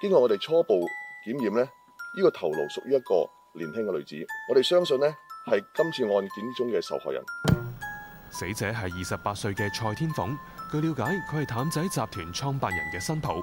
經過我哋初步檢驗呢，呢個頭顱屬於一個年輕嘅女子，我哋相信呢係今次案件中嘅受害人。死者係二十八歲嘅蔡天鳳，據了解佢係譚仔集團創辦人嘅新抱。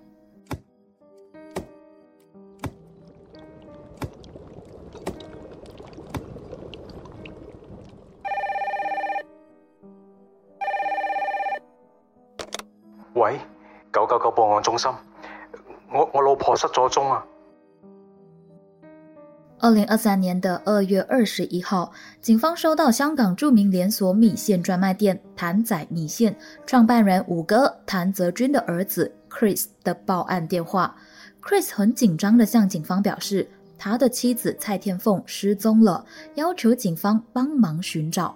喂，九九九報案中心，我我老婆失咗蹤啊！二零二三年的二月二十一號，警方收到香港著名連鎖米線專賣店譚仔米線創辦人五哥譚澤軍的兒子 Chris 的報案電話。Chris 很緊張的向警方表示，他的妻子蔡天鳳失蹤了，要求警方幫忙尋找。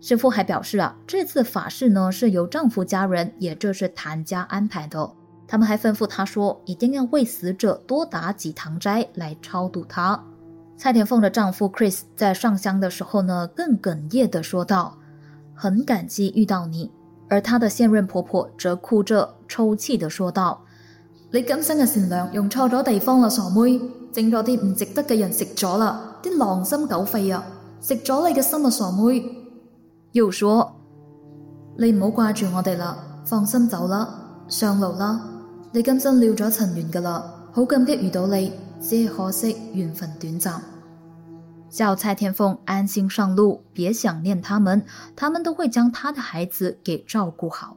師傅還表示啊，這次法事呢是由丈夫家人，也就是譚家安排的。他們還吩咐他說，一定要為死者多打幾堂齋來超度他。蔡天鳳的丈夫 Chris 在上香的時候呢，更哽咽的說道：“很感激遇到你。”而他的現任婆婆則哭着抽泣的說道：“你今生嘅善良用錯咗地方啦，傻妹，整咗啲唔值得嘅人食咗啦，啲狼心狗肺啊，食咗你嘅心啊，傻妹。”又說：你唔好掛住我哋啦，放心走啦，上路啦。你今生了咗塵緣噶啦，好感激遇到你，只係可惜緣分短暫。叫蔡天鳳安心上路，別想念他們，他們都會將他的孩子給照顧好。